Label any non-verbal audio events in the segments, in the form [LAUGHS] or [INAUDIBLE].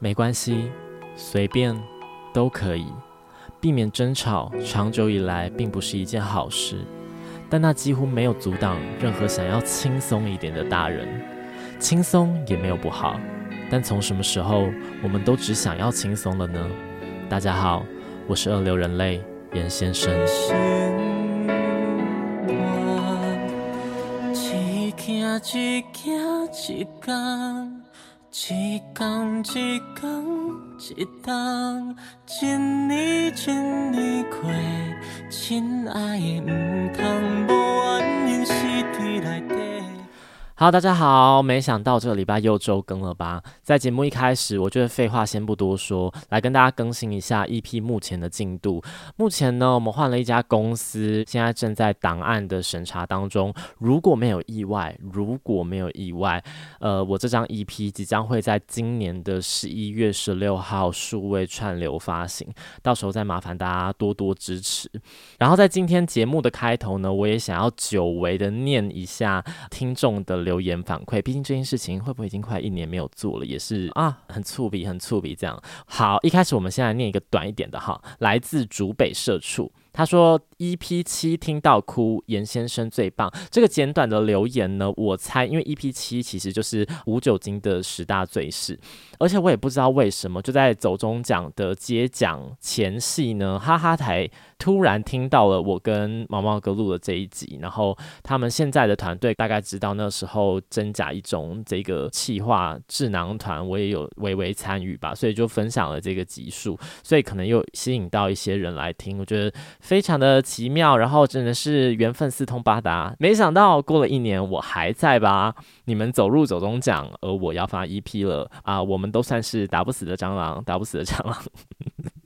沒關係，隨便都可以。避免爭吵長久以來並不是一件好事，但那幾乎沒有阻擋任何想要輕鬆一點的大人。輕鬆也沒有不好，但從什麼時候我們都只想要輕鬆了呢？大家好，我是二流人類嚴先生。一天一天一天，一年一年過，親愛的，毋通無原因，死在內底。好，Hello, 大家好！沒想到這個禮拜又周更了吧？在節目一開始，我覺得廢話先不多說，來跟大家更新一下 EP 目前的進度。目前呢，我們換了一家公司，現在正在檔案的審查當中。如果沒有意外，如果沒有意外，呃，我這張 EP 即將會在今年的十一月十六號數位串流發行，到時候再麻煩大家多多支持。然後在今天節目的開頭呢，我也想要久違的念一下聽眾的。留言反饋，畢竟這件事情會不會已經快一年沒有做了，也是啊，很粗鄙，很粗鄙這樣。好，一開始我們先來念一個短一點的哈，來自竹北社畜，他說。EP7 聽到哭，嚴先生最棒。這個簡短的留言呢，我猜，因為 EP7 其實就是無酒精的十大罪事。而且我也不知道為什麼，就在走中獎的揭獎前戲呢，哈哈台突然聽到了我跟毛毛哥錄的這一集。然後他們現在的團隊大概知道那時候真假一種這個企劃智囊團，我也有微微參與吧，所以就分享了這個集數，所以可能又吸引到一些人來聽，我覺得非常的奇妙，然後真的是緣分四通八達。沒想到過了一年，我還在吧？你們走入走中獎，而我要發 EP 了啊！我們都算是打不死的蟑螂，打不死的蟑螂。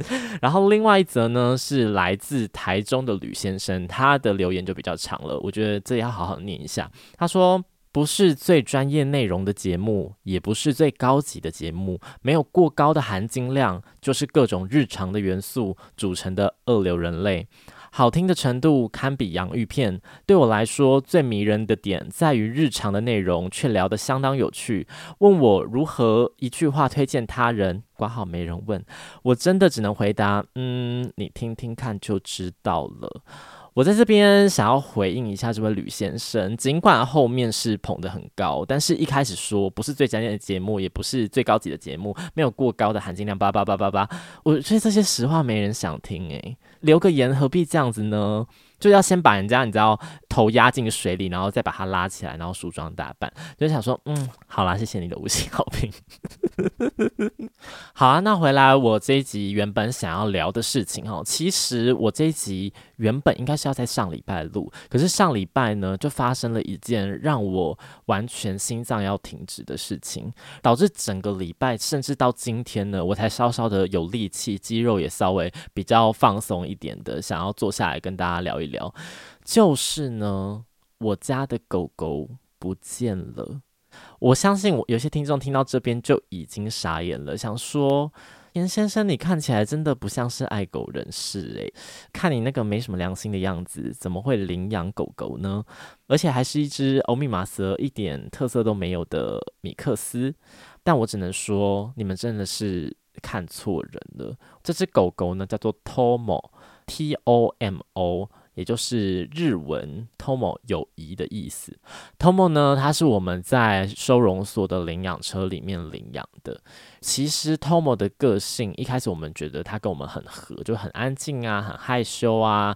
[LAUGHS] 然後另外一則呢，是來自台中的呂先生，他的留言就比較長了，我覺得這要好好念一下。他說：“不是最專業內容的節目，也不是最高級的節目，沒有過高的含金量，就是各種日常的元素組成的二流人類。”好聽的程度堪比洋芋片，對我來說最迷人的點在於日常的內容卻聊得相當有趣。問我如何一句話推薦他人，管好沒人問，我真的只能回答：嗯，你聽聽看就知道了。我在這邊想要回應一下這位呂先生，儘管後面是捧得很高，但是一開始說不是最專業的節目，也不是最高級的節目，沒有過高的含金量，叭叭叭叭叭，我所以這些實話，沒人想聽誒、欸。留個言，何必這樣子呢？就要先把人家你知道頭壓進水裡，然後再把它拉起來，然後梳妝打扮，就想說，嗯，好啦，謝謝你的五星好評。 [LAUGHS] 好啊，那回來我這一集原本想要聊的事情哈、哦。其實我這一集原本應該是要在上禮拜錄，可是上禮拜呢就發生了一件讓我完全心臟要停止的事情，導致整個禮拜甚至到今天呢，我才稍稍的有力氣，肌肉也稍微比較放鬆一點的，想要坐下來跟大家聊一聊。聊就是呢，我家的狗狗不見了。我相信我有些聽眾聽到這邊就已經傻眼了，想說嚴先生，你看起來真的不像是愛狗人士誒，看你那個沒什麼良心的樣子，怎麼會領養狗狗呢？而且還是一隻歐米馬澤，一點特色都沒有的米克斯。但我只能說，你們真的是看錯人了。這隻狗狗呢，叫做 Tomo，T-O-M-O。O m o, 也就是日文 Tomo 友誼的意思。Tomo 呢，它是我們在收容所的領養車裡面領養的。其實 Tomo 的個性一開始我們覺得他跟我們很合，就很安靜啊，很害羞啊。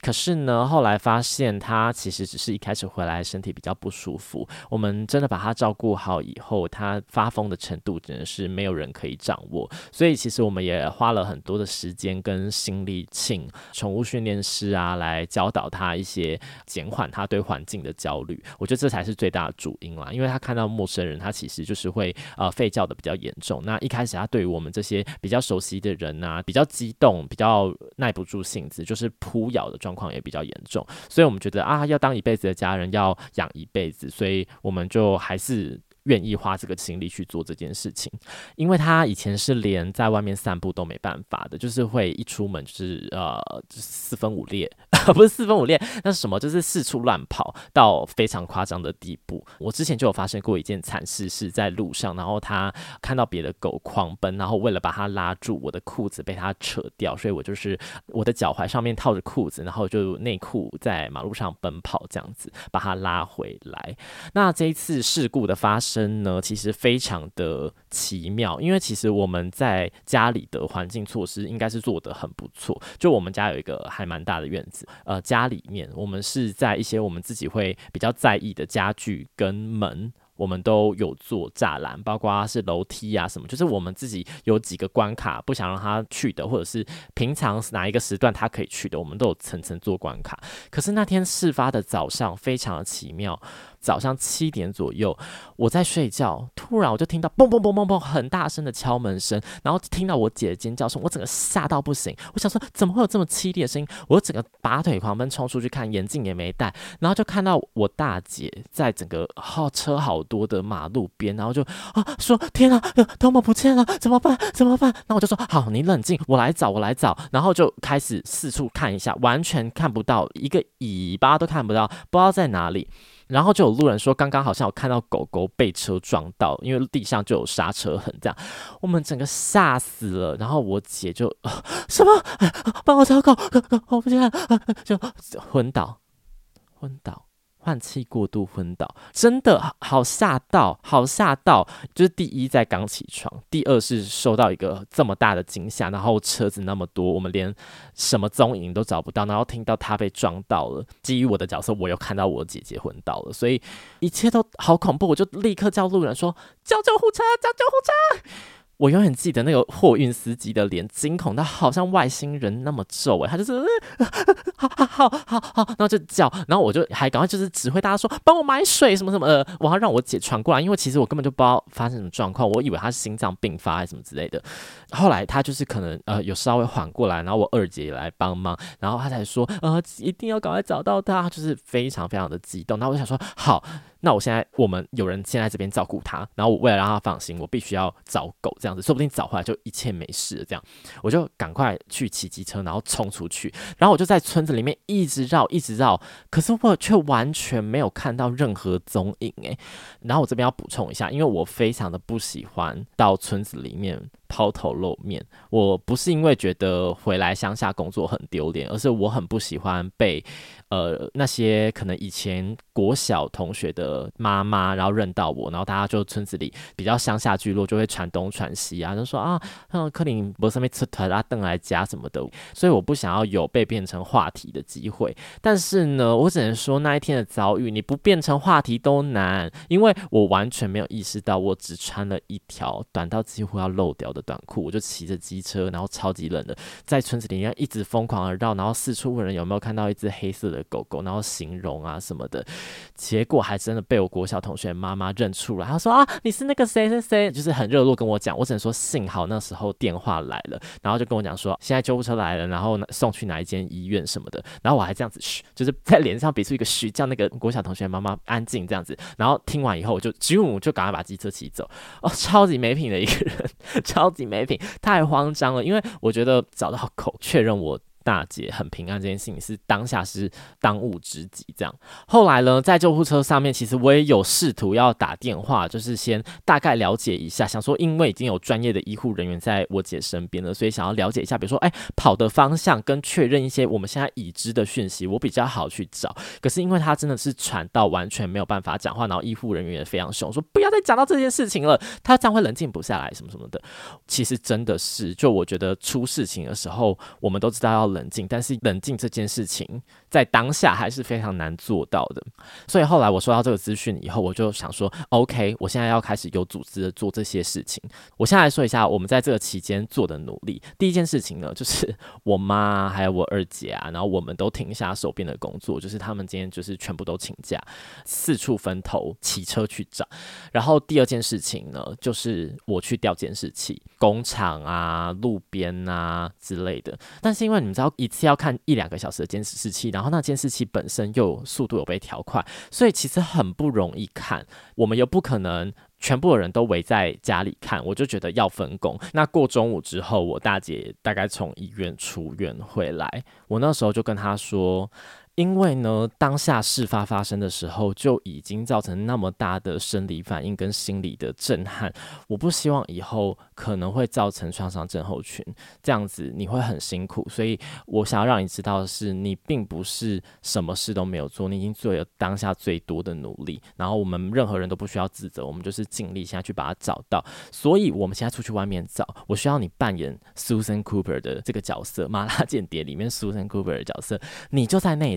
可是呢，後來發現他其實只是一開始回來身體比較不舒服。我們真的把他照顧好以後，他發瘋的程度真的是沒有人可以掌握。所以其實我們也花了很多的時間跟心力慶，請寵物訓練師啊來教導他一些減緩他對環境的焦慮。我覺得這才是最大的主因啦，啊，因為他看到陌生人，他其實就是會呃吠叫的比較嚴重。那一開始他對於我們這些比較熟悉的人啊，比較激動，比較耐不住性子，就是撲咬的狀況也比較嚴重，所以我們覺得啊，要當一輩子的家人，要養一輩子，所以我們就還是。願意花這個精力去做這件事情，因為他以前是連在外面散步都沒辦法的，就是會一出門就是呃、就是、四分五裂， [LAUGHS] 不是四分五裂，那是什麼？就是四處亂跑到非常誇張的地步。我之前就有發生過一件慘事，是在路上，然後他看到別的狗狂奔，然後為了把它拉住，我的褲子被它扯掉，所以我就是我的腳踝上面套着褲子，然後就內褲在馬路上奔跑這樣子把它拉回來。那這一次事故的發生。真呢，其實非常的奇妙，因為其實我們在家裡的環境措施應該是做得很不錯。就我們家有一個還蠻大的院子，呃，家裡面我們是在一些我們自己會比較在意的家具跟門，我們都有做柵欄，包括是樓梯啊什麼，就是我們自己有幾個關卡不想讓他去的，或者是平常哪一個時段他可以去的，我們都有層層做關卡。可是那天事發的早上，非常的奇妙。早上七點左右，我在睡覺，突然我就聽到砰砰砰砰砰很大聲的敲門聲，然後聽到我姐的尖叫聲，我整個嚇到不行。我想說，怎麼會有這麼淒厲的聲音？我整個拔腿狂奔衝出去看，眼鏡也沒戴，然後就看到我大姐在整個好、哦、車好多的馬路邊，然後就啊說：“天啊，Tomo 不見了，怎麼辦？怎麼辦？”然後我就說：“好，你冷靜，我來找，我來找。”然後就開始四處看一下，完全看不到一個尾巴都看不到，不知道在哪裡。然後就有路人說，剛剛好像有看到狗狗被車撞到，因為地上就有剎車痕這樣，我們整個嚇死了。然後我姐就、啊、什麼、哎、幫我找狗，我不行、啊，就昏倒，昏倒。換氣過度昏倒，真的好嚇到，好嚇到！就是第一在剛起床，第二是受到一個這麼大的驚嚇，然後車子那麼多，我們連什麼蹤影都找不到，然後聽到他被撞到了。基於我的角色，我又看到我姐姐昏倒了，所以一切都好恐怖，我就立刻叫路人說叫救護車，叫救護車。我永遠記得那個貨運司機的臉，驚恐到好像外星人那麼皺誒、欸，他就說、是、好好好好好，然後就叫，然後我就還趕快就是指揮大家說幫我買水什麼什麼的，我要讓我姐傳過來，因為其實我根本就不知道發生什麼狀況，我以為他是心臟病發還是什麼之類的。後來他就是可能呃有稍微緩過來，然後我二姐也來幫忙，然後他才說呃一定要趕快找到他，他就是非常非常的激動。然後我想說好。那我現在我們有人先在這邊照顧他，然後我為了讓他放心，我必須要找狗這樣子，說不定找回來就一切沒事這樣，我就趕快去騎機車，然後衝出去，然後我就在村子裡面一直繞，一直繞，可是我卻完全沒有看到任何蹤影誒、欸，然後我這邊要補充一下，因為我非常的不喜歡到村子裡面拋頭露面，我不是因為覺得回來鄉下工作很丟臉，而是我很不喜歡被。呃，那些可能以前國小同學的媽媽，然後認到我，然後大家就村子裡比較鄉下聚落，就會傳東傳西啊，就說啊，嗯，柯林博是那邊吃團啊，鄧來家什麼的，所以我不想要有被變成話題的機會。但是呢，我只能說那一天的遭遇，你不變成話題都難，因為我完全沒有意識到，我只穿了一條短到幾乎要漏掉的短褲，我就騎着機車，然後超級冷的，在村子裡面一,一直瘋狂地繞，然後四處問人有沒有看到一隻黑色的。狗狗，然後形容啊什麼的，結果還真的被我國小同學媽媽認出了，她說啊，你是那個誰誰誰，就是很熱絡跟我講，我只能說幸好那時候電話來了，然後就跟我講說現在救護車來了，然後送去哪一間醫院什麼的，然後我還這樣子噓，就是在臉上比出一個噓，叫那個國小同學媽媽安靜這樣子，然後聽完以後我就就就趕快把機車騎走，哦，超級沒品的一個人，超級沒品，太慌張了，因為我覺得找到狗確認我。大姐，很平安這件事情是當下是當務之急這樣，後來呢，在救護車上面，其實我也有試圖要打電話，就是先大概了解一下，想說，因為已經有專業的醫護人員在我姐身邊了，所以想要了解一下，比如說哎、欸、跑的方向跟確認一些我們現在已知的訊息，我比較好去找。可是因為她真的是喘到完全沒有辦法講話，然後醫護人員也非常凶，說不要再講到這件事情了，她這樣會冷靜不下來什麼什麼的。其實真的是，就我覺得出事情的時候，我們都知道要。冷靜，但是冷靜這件事情，在當下還是非常難做到的，所以後來我收到這個資訊以後，我就想說，OK，我現在要開始有組織的做這些事情。我現在來說一下我們在這個期間做的努力。第一件事情呢，就是我媽還有我二姐啊，然後我們都停下手邊的工作，就是他們今天就是全部都請假，四處分頭騎車去找。然後第二件事情呢，就是我去調監視器，工廠啊、路邊啊之類的。但是因為你們知道，一次要看一兩個小時的監視器，然後然後那監視器本身又速度有被調快，所以其實很不容易看。我們又不可能全部的人都圍在家裡看，我就覺得要分工。那過中午之後，我大姐大概從醫院出院回來，我那時候就跟她說。因為呢，當下事發發生的時候就已經造成那麼大的生理反應跟心理的震撼，我不希望以後可能會造成創傷症候群，這樣子你會很辛苦。所以，我想要讓你知道的是，你並不是什麼事都沒有做，你已經做了當下最多的努力。然後，我們任何人都不需要自責，我們就是盡力現在去把它找到。所以，我們現在出去外面找。我需要你扮演 Susan Cooper 的這個角色，《麻辣間諜》裡面 Susan Cooper 的角色，你就在那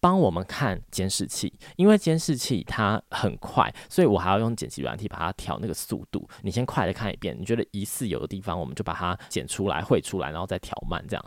幫我們看監視器，因為監視器它很快，所以我還要用剪輯軟體把它調那個速度。你先快的看一遍，你覺得疑似有的地方，我們就把它剪出來、匯出來，然後再調慢這樣。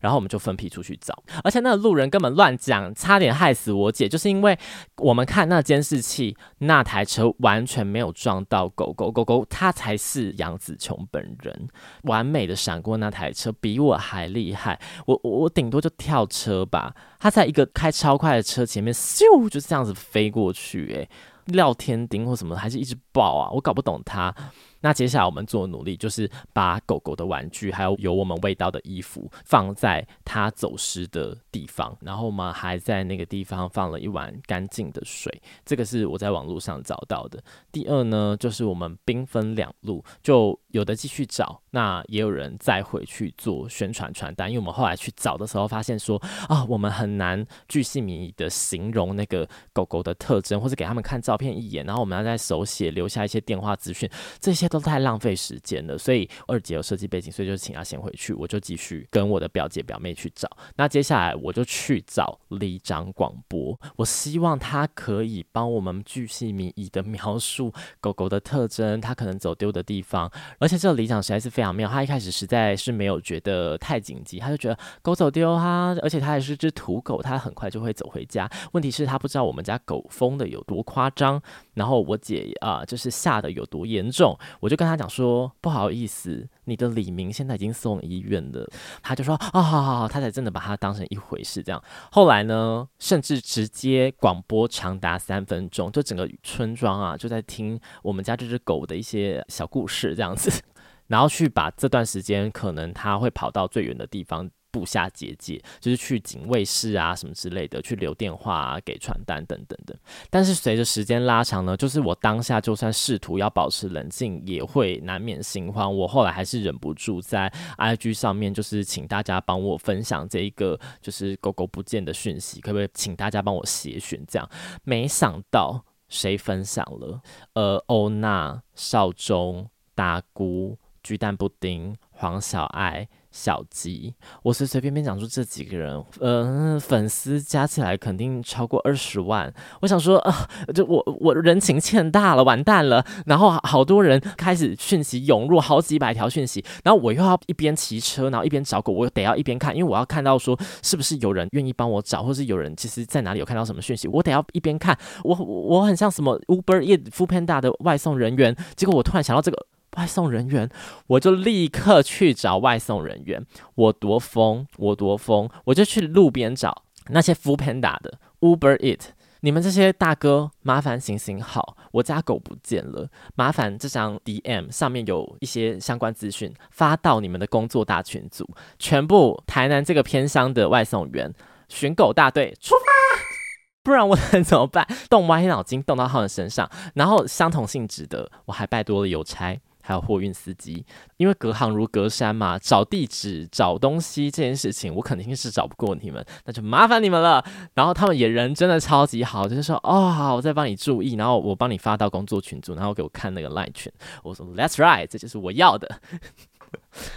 然後我們就分批出去找，而且那個路人根本亂講，差點害死我姐，就是因為我們看那監視器，那台車完全沒有撞到狗狗狗狗，它才是楊紫瓊本人，完美的閃過那台車，比我還厲害。我我我頂多就跳車吧，它在一個開超。快的車前面咻就這樣子飛過去，欸，哎，撂天釘或什麼，還是一直爆啊？我搞不懂他。那接下來我們做的努力，就是把狗狗的玩具還有有我們味道的衣服放在它走失的地方，然後我們還在那個地方放了一碗乾淨的水，這個是我在網絡上找到的。第二呢，就是我們兵分兩路，就有的繼續找，那也有人再回去做宣傳傳單。因為我們後來去找的時候，發現說啊，我們很難鉅細靡遺地形容那個狗狗的特徵，或者給他們看照片一眼，然後我們要在手寫留下一些電話資訊這些。都太浪費時間了，所以二姐有設計背景，所以就請她先回去，我就繼續跟我的表姐表妹去找。那接下來我就去找里長廣播，我希望他可以幫我們巨細靡遺的描述狗狗的特徵，他可能走丟的地方。而且這里長實在是非常妙，他一開始實在是沒有覺得太緊急，他就覺得狗走丟哈，而且它還是只土狗，它很快就會走回家。問題是，他不知道我們家狗瘋的有多誇張，然後我姐啊，就是嚇得有多嚴重。我就跟他講說，不好意思，你的里民現在已經送醫院了。他就說哦，好好好，他才真的把他當成一回事這樣。後來呢，甚至直接廣播長達三分鐘，就整個村莊啊就在聽我們家這隻狗的一些小故事這樣子，然後去把這段時間可能他會跑到最遠的地方，布下結界，就是去警衛室啊，什麼之類的，去留電話啊，給傳單等等等。但是隨着時間拉長呢，就是我當下就算試圖要保持冷靜，也會難免心慌。我後來還是忍不住在 IG 上面，就是請大家幫我分享這一個就是狗狗不見的訊息，可不可以請大家幫我協尋？這樣，沒想到誰分享了？呃，歐娜、少中、大姑、巨蛋布丁、黃小愛。小吉，我隨隨便便講出這幾個人，嗯、呃，粉絲加起來肯定超過二十萬。我想說啊、呃，就我我人情欠大了，完蛋了。然後好，好多人開始訊息湧入，好幾百條訊息。然後我又要一邊騎車，然後一邊找狗，我得要一邊看，因為我要看到說是不是有人願意幫我找，或是有人其實在哪裡有看到什麼訊息，我得要一邊看。我我很像什麼 Uber Eats、Foodpanda 的外送人員，結果我突然想到這個。外送人員，我就立刻去找外送人員。我多瘋，我多瘋，我就去路邊找那些 Foodpanda 的 Uber Eats。你們這些大哥，麻煩行行好，我家狗不見了，麻煩這張 DM 上面有一些相關資訊發到你們的工作大群組，全部台南這個偏鄉的外送員尋狗大隊出發。不然我能怎麼辦？動歪腦筋動到他們身上，然後相同性質的，我還拜託了郵差。還有貨運司機，因為隔行如隔山嘛，找地址、找東西這件事情，我肯定是找不過你們，那就麻煩你們了。然後他們也人真的超級好，就是說，哦，好，我再幫你注意，然後我幫你發到工作群組，然後給我看那個 Line 群，我說 That's right，這就是我要的。 [LAUGHS]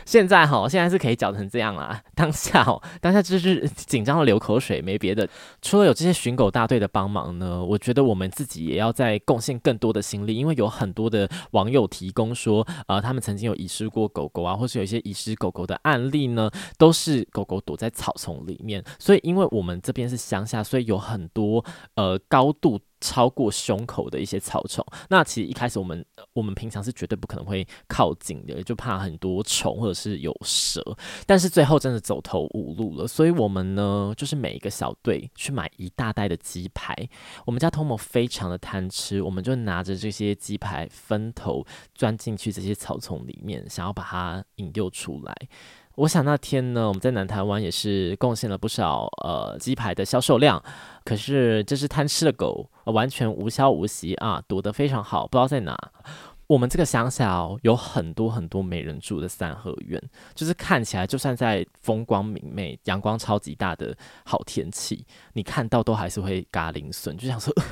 現在哈，現在是可以攪成這樣啦。當下哦，當下就是緊張的流口水，沒別的。除了有這些尋狗大隊的幫忙呢，我覺得我們自己也要再貢獻更多的心力，因為有很多的網友提供說，呃，他們曾經有遺失過狗狗啊，或是有一些遺失狗狗的案例呢，都是狗狗躲在草叢裡面。所以，因為我們這邊是鄉下，所以有很多呃高度。超過胸口的一些草叢，那其實一開始我們我們平常是絕對不可能會靠近的，就怕很多蟲或者是有蛇。但是最後真的走投無路了，所以我們呢，就是每一個小隊去買一大袋的雞排。我們家 Tomo 非常的貪吃，我們就拿着這些雞排分頭鑽進去這些草叢裡面，想要把它引誘出來。我想那天呢，我們在南台灣也是貢獻了不少呃雞排的銷售量。可是這只貪吃的狗，呃、完全無消無息啊，躲得非常好，不知道在哪。我們這個鄉下，哦、有很多很多沒人住的三合院，就是看起來就算在風光明媚，陽光超級大的好天氣，你看到都還是會嘎零損。就想說呵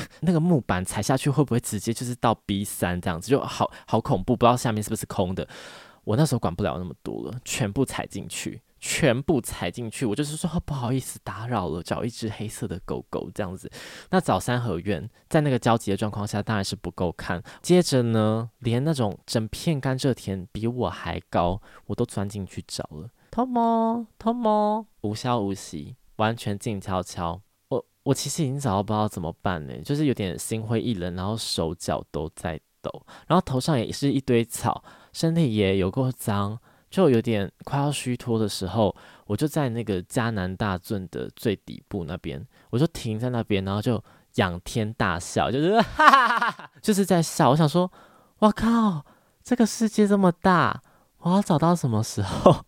呵那個木板踩下去會不會直接就是到 B 三這樣子，就好好恐怖，不知道下面是不是空的。我那時候管不了那麼多了，全部踩進去，全部踩進去。我就是說，不好意思打擾了，找一隻黑色的狗狗這樣子。那找三合院，在那個焦急的狀況下，當然是不夠看。接着呢，連那種整片甘蔗田比我還高，我都鑽進去找了，Tomo、Tomo，無消無息，完全靜悄悄。我我其實已經找到不知道怎麼辦呢、欸，就是有點心灰意冷，然後手腳都在抖，然後頭上也是一堆草。身體也有夠髒，就有點快要虛脫的時候，我就在那個嘉南大圳的最底部那邊，我就停在那邊，然後就仰天大笑，就是哈哈，哈， [LAUGHS] 就是在笑。我想說，哇靠，這個世界這麼大，我要找到什麼時候？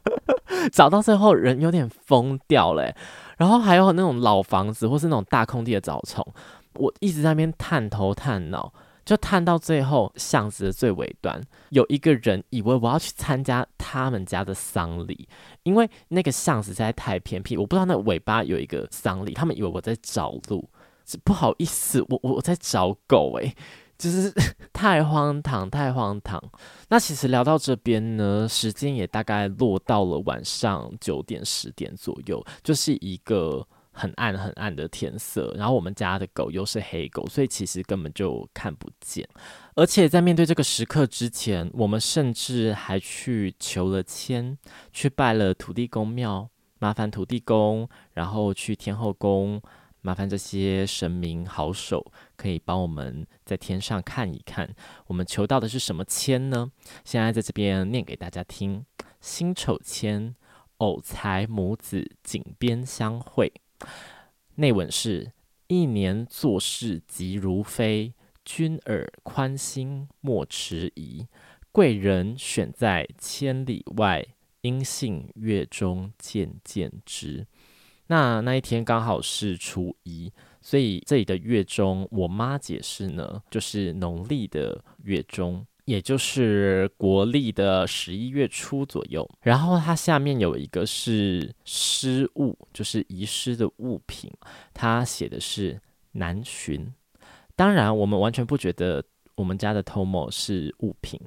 [LAUGHS] 找到最後人有點瘋掉了、欸，然後還有那種老房子，或是那種大空地的草叢，我一直在那邊探頭探腦。就探到最後巷子的最尾端，有一個人以為我要去參加他們家的喪禮，因為那個巷子實在太偏僻，我不知道那個尾巴有一個喪禮，他們以為我在找路，不好意思，我我我在找狗哎、欸，就是太荒唐，太荒唐。那其實聊到這邊呢，時間也大概落到了晚上九點十點左右，就是一個。很暗很暗的天色，然後我們家的狗又是黑狗，所以其實根本就看不見。而且在面對這個時刻之前，我們甚至還去求了籤，去拜了土地公廟，麻煩土地公，然後去天後宮，麻煩這些神明好手，可以幫我們在天上看一看。我們求到的是什麼籤呢？現在在這邊唸給大家聽：辛丑籤，偶財母子井邊相會。內文是：一年做事急如飛，君爾寬心莫遲疑。貴人選在千里外，音信月中漸漸知。那那一天剛好是初一，所以這裡的月中，我媽解釋呢，就是農曆的月中。也就是國曆的十一月初左右，然後它下面有一個是失物，就是遺失的物品，它寫的是南巡。當然，我們完全不覺得我們家的 Tomo 是物品，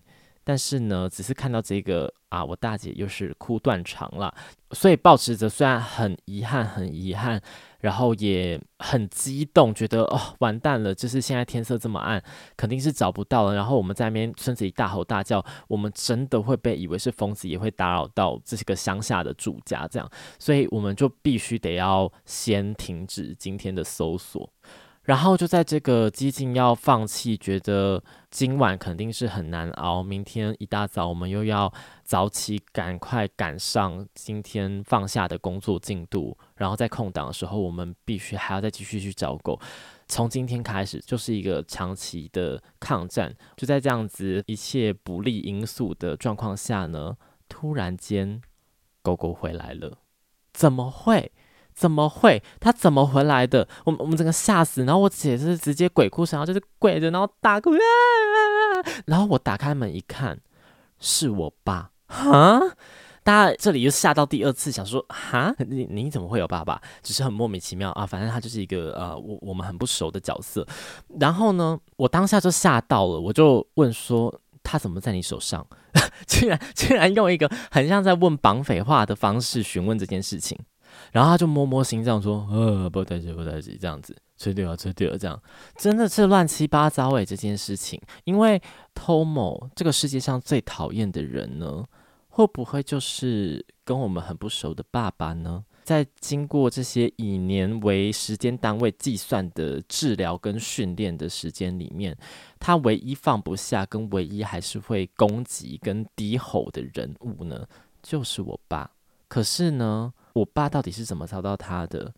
但是呢，只是看到這個啊，我大姐又是哭斷腸了。所以保持着，雖然很遺憾，很遺憾。然後也很激動，覺得哦，完蛋了，就是現在天色這麼暗，肯定是找不到了。然後我們在那邊村子裡大吼大叫，我們真的會被以為是瘋子，也會打擾到這些個鄉下的住家，這樣，所以我們就必須得要先停止今天的搜索。然後就在這個幾近要放棄，覺得今晚肯定是很難熬，明天一大早我們又要早起，趕快趕上今天放下的工作進度，然後在空檔的時候，我們必須還要再繼續去找狗。從今天開始就是一個長期的抗戰，就在這樣子一切不利因素的狀況下呢，突然間狗狗回來了，怎麼會？怎麼會？他怎麼回來的？我們我們整個嚇死，然後我姐就是直接鬼哭神嚎，然後就是跪着，然後大哭啊！然後我打開門一看，是我爸哈、啊，大家這裡又嚇到第二次，想說哈、啊，你你怎麼會有爸爸？只是很莫名其妙啊。反正他就是一個呃，我我們很不熟的角色。然後呢，我當下就嚇到了，我就問說，他怎麼在你手上？竟 [LAUGHS] 然竟然用一個很像在問綁匪話的方式詢問這件事情。然後他就摸摸心臟，說：“呃，不着急，不着急，這樣子，吹對了，吹對了。”這樣真的是亂七八糟誒，這件事情。因為 Tomo 這個世界上最討厭的人呢，會不會就是跟我們很不熟的爸爸呢？在經過這些以年為時間單位計算的治療跟訓練的時間裡面，他唯一放不下跟唯一還是會攻擊跟低吼的人物呢，就是我爸。可是呢，我爸到底是怎麼找到他的？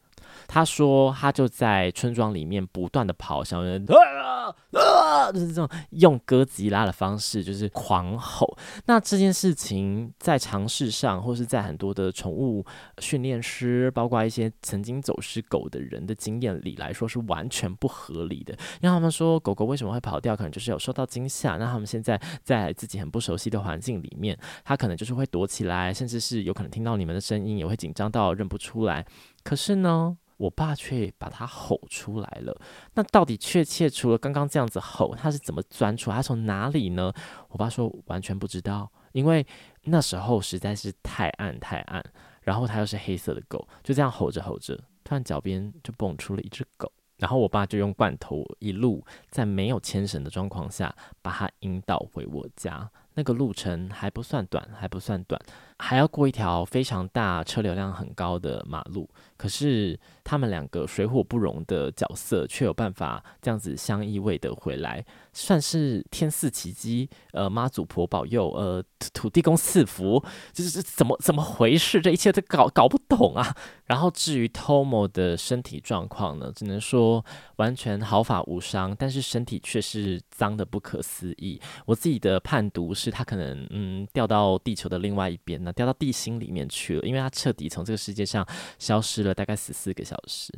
他說他就在村莊裡面不斷地跑，小人啊啊，就是這種用哥吉拉的方式，就是狂吼。那這件事情在常識上，或者是在很多的寵物訓練師，包括一些曾經走失狗的人的經驗裡來說，是完全不合理的。因為他們說狗狗為什麼會跑掉，可能就是有受到驚嚇。那他們現在在自己很不熟悉的環境裡面，它可能就是會躲起來，甚至是有可能聽到你們的聲音，也會緊張到認不出來。可是呢？我爸卻把它吼出來了。那到底確切除了剛剛這樣子吼，它是怎麼鑽出？它從哪裡呢？我爸說我完全不知道，因為那時候實在是太暗太暗。然後它又是黑色的狗，就這樣吼着吼着，突然腳邊就蹦出了一隻狗。然後我爸就用罐頭一路在沒有牽繩的狀況下把它引導回我家。那個路程還不算短，還不算短。還要過一條非常大、車流量很高的馬路，可是他們兩個水火不容的角色卻有辦法這樣子相依偎的回來，算是天賜奇蹟，呃，媽祖婆保佑，呃，土地公賜福，這，就是怎麼怎麼回事？這一切都搞搞不懂啊！然後至於 Tomo 的身體狀況呢，只能說完全毫髮無傷，但是身體卻是髒的不可思議。我自己的判讀是他可能嗯掉到地球的另外一邊呢。掉到地心裡面去了，因為它徹底從這個世界上消失了，大概十四個小時。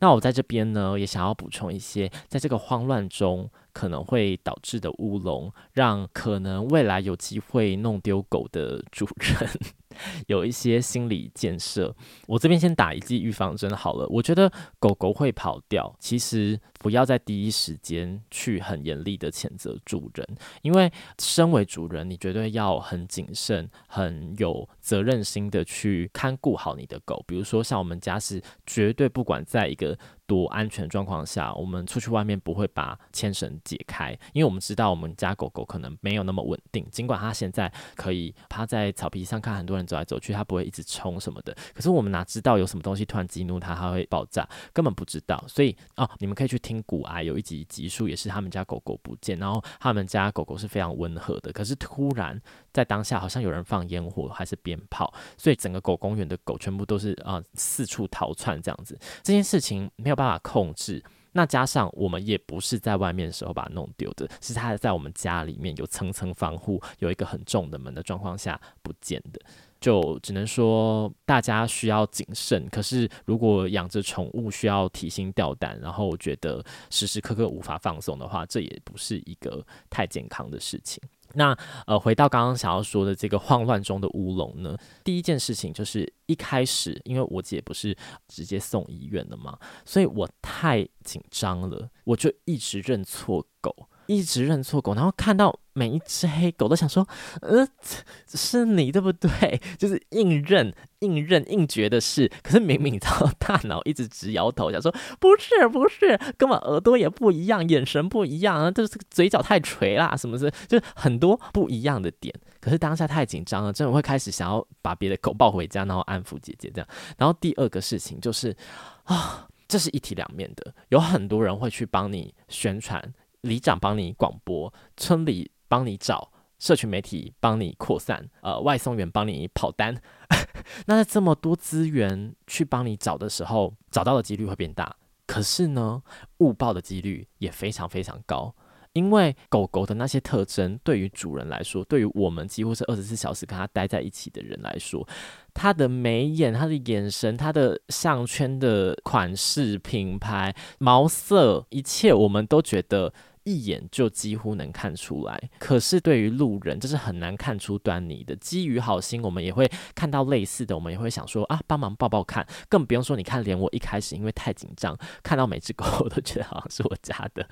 那我在這邊呢，也想要補充一些，在這個慌亂中可能會導致的烏龍，讓可能未來有機會弄丟狗的主人 [LAUGHS] 有一些心理建設。我這邊先打一劑預防針好了。我覺得狗狗會跑掉，其實。不要在第一時間去很嚴厲的譴責主人，因為身為主人，你絕對要很謹慎、很有責任心的去看顧好你的狗。比如說，像我們家是絕對不管在一個多安全狀況下，我們出去外面不會把牽繩解開，因為我們知道我們家狗狗可能沒有那麼穩定。儘管它現在可以趴在草皮上看很多人走來走去，它不會一直衝什麼的，可是我們哪知道有什麼東西突然激怒它，它會爆炸，根本不知道。所以哦，你們可以去。聽古哀有一集一集數，也是他們家狗狗不見，然後他們家狗狗是非常溫和的，可是突然在當下好像有人放煙火還是鞭炮，所以整個狗公園的狗全部都是啊、呃、四處逃竄這樣子，這件事情沒有辦法控制。那加上我們也不是在外面的時候把它弄丟的，是它在我們家裡面有層層防護，有一個很重的門的狀況下不見的。就只能說大家需要謹慎，可是如果養着寵物需要提心吊膽，然後覺得時時刻刻無法放鬆的話，這也不是一個太健康的事情。那呃，回到剛剛想要說的這個慌亂中的烏龍呢？第一件事情就是一開始，因為我姐不是直接送醫院了嘛，所以我太緊張了，我就一直認錯狗，一直認錯狗，然後看到，每一隻黑狗都想說，呃，是你對不對？就是硬認、硬認、硬覺得是。可是明明到大腦一直直搖頭，想說不是不是，根本耳朵也不一樣，眼神不一樣，啊、就是嘴角太垂啦，什麼的，就是很多不一樣的點。可是當下太緊張了，真的會開始想要把別的狗抱回家，然後安撫姐姐這樣。然後第二個事情就是啊、哦，這是一體兩面的，有很多人會去幫你宣傳，里長幫你廣播，村里。幫你找社群媒體，幫你擴散，呃，外送員幫你跑單， [LAUGHS] 那在這麼多資源去幫你找的時候，找到的幾率會變大。可是呢，誤報的幾率也非常非常高，因為狗狗的那些特徵，對於主人來說，對於我們幾乎是二十四小時跟他待在一起的人來說，他的眉眼、他的眼神、他的項圈的款式、品牌、毛色，一切我們都覺得。一眼就幾乎能看出來，可是對於路人，這是很難看出端倪的。基於好心，我們也會看到類似的，我們也會想說啊，幫忙抱抱看。更不用說，你看，連我一開始因為太緊張，看到每隻狗我都覺得好像是我家的。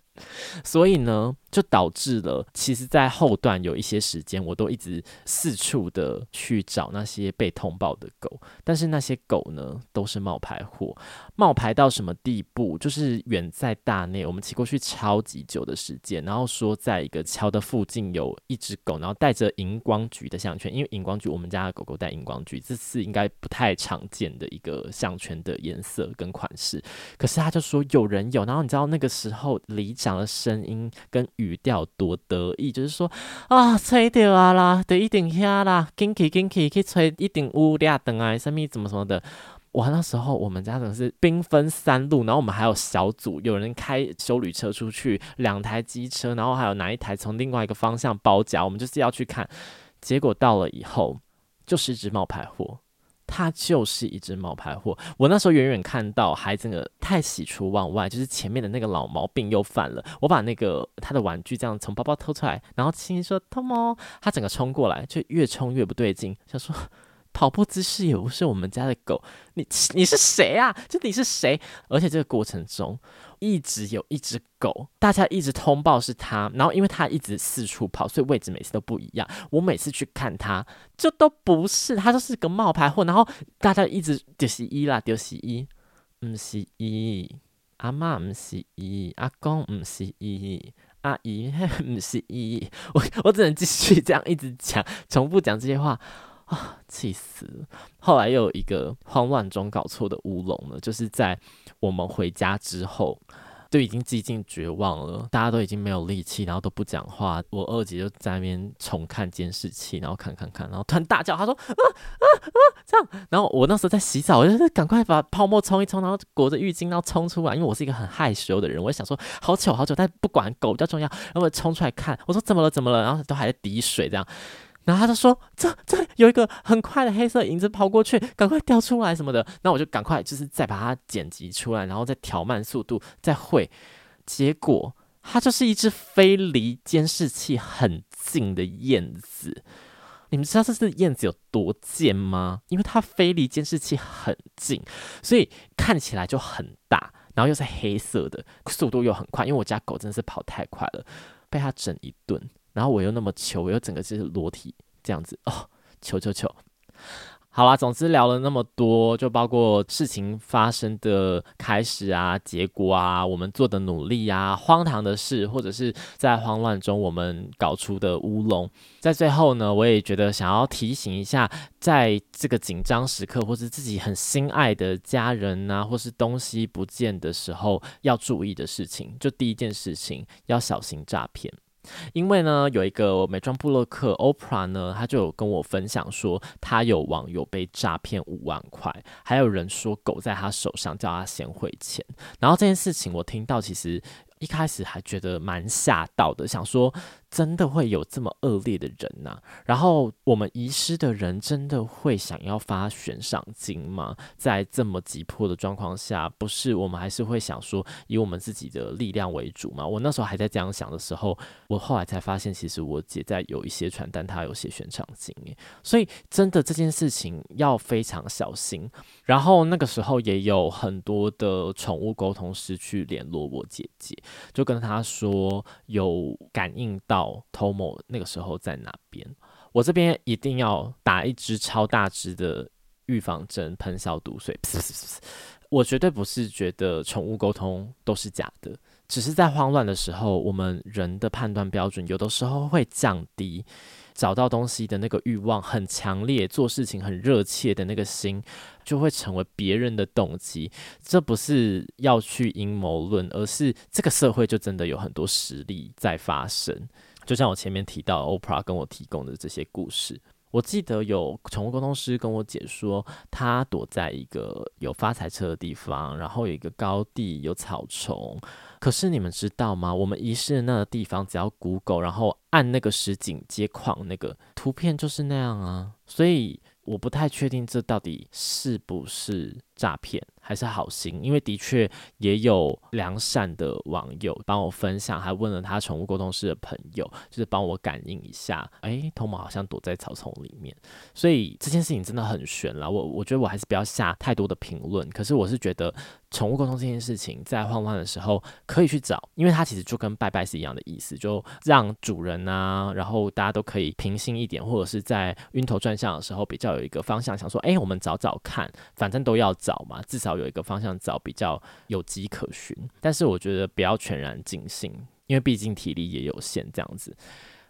所以呢。就導致了，其實，在後段有一些時間，我都一直四處的去找那些被通報的狗，但是那些狗呢，都是冒牌貨，冒牌到什麼地步？就是遠在大內，我們騎過去超級久的時間，然後說在一個橋的附近有一隻狗，然後帶着螢光橘的項圈，因為螢光橘，我們家的狗狗戴螢光橘，這次應該不太常見的一個項圈的顏色跟款式。可是他就說有人有，然後你知道那個時候里長的聲音跟。語調多得意，就是說啊，吹掉啊啦，得一頂靴啦，驚 k 驚奇去吹一頂烏鴉燈啊，什麼什麼什麼的。我那時候我們家等是兵分三路，然後我們還有小組，有人開休旅車出去，兩台機車，然後還有哪一台從另外一個方向包夾，我們就是要去看。結果到了以後，就是一隻冒牌貨。他就是一隻冒牌貨。我那時候遠遠看到，還真的太喜出望外，就是前面的那個老毛病又犯了。我把那個他的玩具這樣從包包偷出來，然後輕輕說：“Tomo？” 他整個衝過來，就越衝越不對勁，想說。跑步姿勢也不是我們家的狗，你你是誰啊？這你是誰？而且這個過程中一直有一隻狗，大家一直通報是它，然後因為它一直四處跑，所以位置每次都不一樣。我每次去看它，就都不是，它就是個冒牌貨。然後大家一直就是一啦，就是一，不是一，阿嬤不是一，阿公不是一，阿姨不是一。我我只能繼續這樣一直講，重複講這些話。啊！氣、哦、死了！後來又有一個慌亂中搞錯的烏龍了，就是在我們回家之後，就已經幾近絕望了，大家都已經沒有力氣，然後都不講話。我二姐就在那邊重看監視器，然後看看看，然後突然大叫，她說：“啊啊啊！”這樣。然後我那時候在洗澡，我就是趕快把泡沫沖一沖，然後裹着浴巾，然後衝出來。因為我是一個很害羞的人，我就想說：“好糗好糗。”但不管狗比較重要，然後我衝出來看，我說：“怎麼了？怎麼了？”然後都還在滴水這樣。然後他就說：“這這有一個很快的黑色影子跑過去，趕快調出來什麼的。”那我就趕快就是再把它剪輯出來，然後再調慢速度，再會。結果它就是一隻飛離監視器很近的燕子。你們知道這隻燕子有多賤嗎？因為它飛離監視器很近，所以看起來就很大，然後又是黑色的，速度又很快。因為我家狗真的是跑太快了，被它整一頓。然後我又那麼糗，我又整個就是裸體這樣子哦，糗糗糗，好啦。總之聊了那麼多，就包括事情發生的開始啊、結果啊、我們做的努力啊、荒唐的事，或者是在慌亂中我們搞出的烏龍。在最後呢，我也覺得想要提醒一下，在這個緊張時刻，或是自己很心愛的家人啊，或是東西不見的時候，要注意的事情。就第一件事情，要小心詐騙。因為呢，有一個美妝部落客 Oprah 呢，他就有跟我分享說，他有網友被詐騙五萬塊，還有人說狗在他手上，叫他先匯錢。然後這件事情我聽到，其實一開始還覺得蠻嚇到的，想說，真的會有這麼惡劣的人吶、啊？然後我們遺失的人真的會想要發懸賞金嗎？在這麼急迫的狀況下，不是我們還是會想說以我們自己的力量為主嗎？我那時候還在這樣想的時候，我後來才發現，其實我姐在有一些傳單，她有些懸賞金。所以真的這件事情要非常小心。然後那個時候也有很多的寵物溝通師去聯絡我姐姐，就跟她說有感應到。Tomo 那個時候在哪邊？我這邊一定要打一支超大支的預防針，噴消毒水。噗噗噗噗。我絕對不是覺得寵物溝通都是假的，只是在慌亂的時候，我們人的判斷標準有的時候會降低。找到東西的那個欲望很強烈，做事情很熱切的那個心，就會成為別人的動機。這不是要去陰謀論，而是這個社會就真的有很多實例在發生。就像我前面提到，Oprah 跟我提供的這些故事，我記得有寵物溝通師跟我解說，他躲在一個有發財車的地方，然後有一個高地有草叢。可是你們知道嗎？我們遺失的那個地方，只要 Google，然後按那個實景街景，那個圖片就是那樣啊。所以我不太確定這到底是不是，詐騙還是好心，因為的確也有良善的網友幫我分享，還問了他寵物溝通師的朋友，就是幫我感應一下。哎，Tomo 好像躲在草叢裡面，所以這件事情真的很玄了。我我覺得我還是不要下太多的評論。可是我是覺得寵物溝通這件事情，在慌亂的時候可以去找，因為它其實就跟拜拜是一樣的意思，就讓主人啊，然後大家都可以平心一點，或者是在暈頭轉向的時候，比較有一個方向，想說，哎，我們找找看，反正都要。找嘛，至少有一個方向找，比較有跡可循。但是我覺得不要全然盡興，因為畢竟體力也有限這樣子。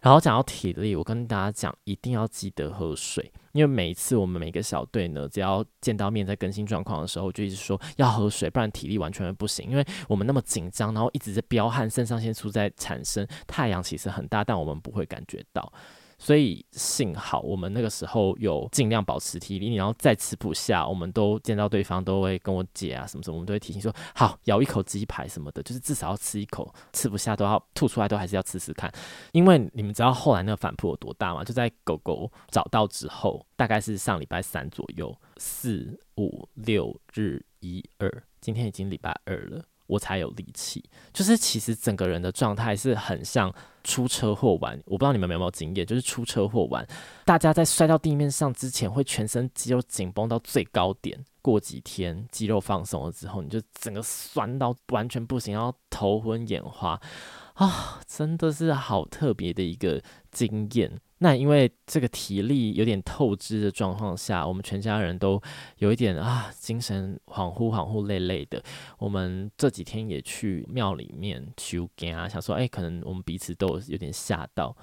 然後講到體力，我跟大家講一定要記得喝水，因為每一次我們每個小隊呢，只要見到面在更新狀況的時候，就一直說要喝水，不然體力完全會不行。因為我們那麼緊張，然後一直在飆汗，腎上腺素在產生，太陽其實很大，但我們不會感覺到。所以幸好我們那個時候有盡量保持體力，然後再吃不下，我們都見到對方都會跟我姐啊什麼什麼，我們都會提醒說好，咬一口雞排什麼的，就是至少要吃一口，吃不下都要吐出來，都還是要吃吃看。因為你們知道後來那個反撲有多大嗎？就在狗狗找到之後，大概是上禮拜三左右，四五六日一二，今天已經禮拜二了。我才有力氣，就是其實整個人的狀態是很像出車禍完，我不知道你們有沒有經驗，就是出車禍完，大家在摔到地面上之前會全身肌肉緊繃到最高點，過幾天肌肉放鬆了之後，你就整個酸到完全不行，然後頭昏眼花，啊，真的是好特別的一個經驗。那因為這個體力有點透支的狀況下，我們全家人都有一點啊，精神恍惚恍惚惚累累的。我們這幾天也去廟裡面求根啊，想說，哎、欸，可能我們彼此都有點嚇到。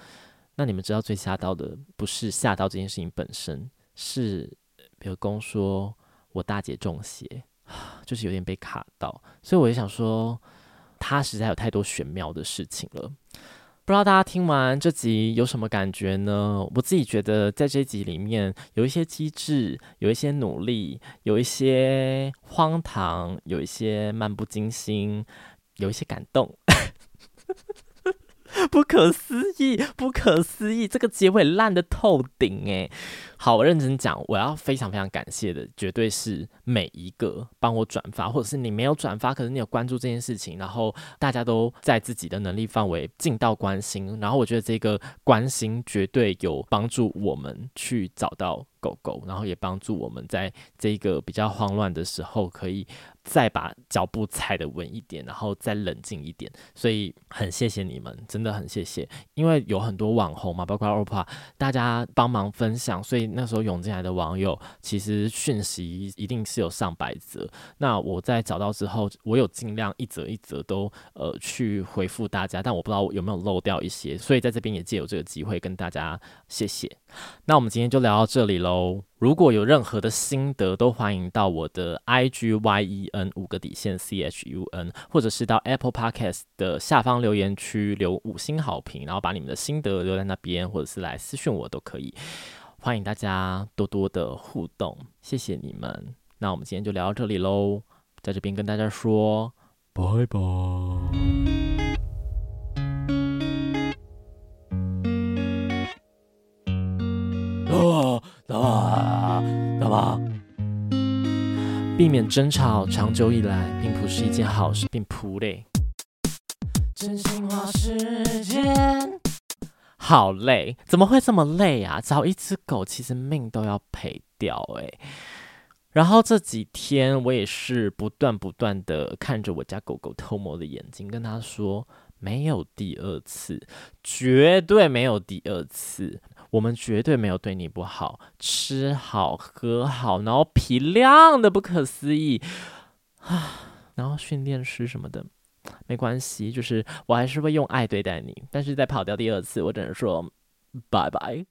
那你們知道最嚇到的不是嚇到這件事情本身，是比如公說，我大姐中邪，就是有點被卡到。所以我就想說，他實在有太多玄妙的事情了。不知道大家聽完這集有什麼感覺呢？我自己覺得，在這集裡面有一些機智，有一些努力，有一些荒唐，有一些漫不經心，有一些感動。 [LAUGHS] 不可思議，不可思議，這個結尾爛得透頂誒、欸。好，我認真講，我要非常非常感謝的，絕對是每一個幫我轉發，或者是你沒有轉發，可是你有關注這件事情，然後大家都在自己的能力範圍盡到關心，然後我覺得這個關心絕對有幫助我們去找到。狗狗，然後也幫助我們在這個比較慌亂的時候，可以再把腳步踩得穩一點，然後再冷靜一點。所以很謝謝你們，真的很謝謝，因為有很多網紅嘛，包括歐帕，大家幫忙分享，所以那時候湧進來的網友，其實訊息一定是有上百則。那我在找到之後，我有儘量一則一則都呃去回覆大家，但我不知道有沒有漏掉一些，所以在這邊也借由這個機會跟大家謝謝。那我們今天就聊到這裡嘍。如果有任何的心得，都歡迎到我的 IG YEN 五個底線 CHUN，或者是到 Apple Podcast 的下方留言區留五星好評，然後把你們的心得留在那邊，或者是來私訊我都可以。歡迎大家多多的互動，謝謝你們。那我們今天就聊到這裡嘍，在這邊跟大家說拜拜。避免爭吵，長久以來並不是一件好事。變僕嘞，真心話時間好累，怎麼會這麼累呀？找一隻狗其實命都要賠掉欸。然後這幾天我也是不斷不斷的看着我家狗狗 Tomo 的眼睛，跟它說沒有第二次，絕對沒有第二次。我們絕對沒有對你不好，吃好喝好，然後皮亮的不可思議，啊！然後訓練師什麼的，沒關係，就是我還是會用愛對待你。但是再跑掉第二次，我只能說拜拜。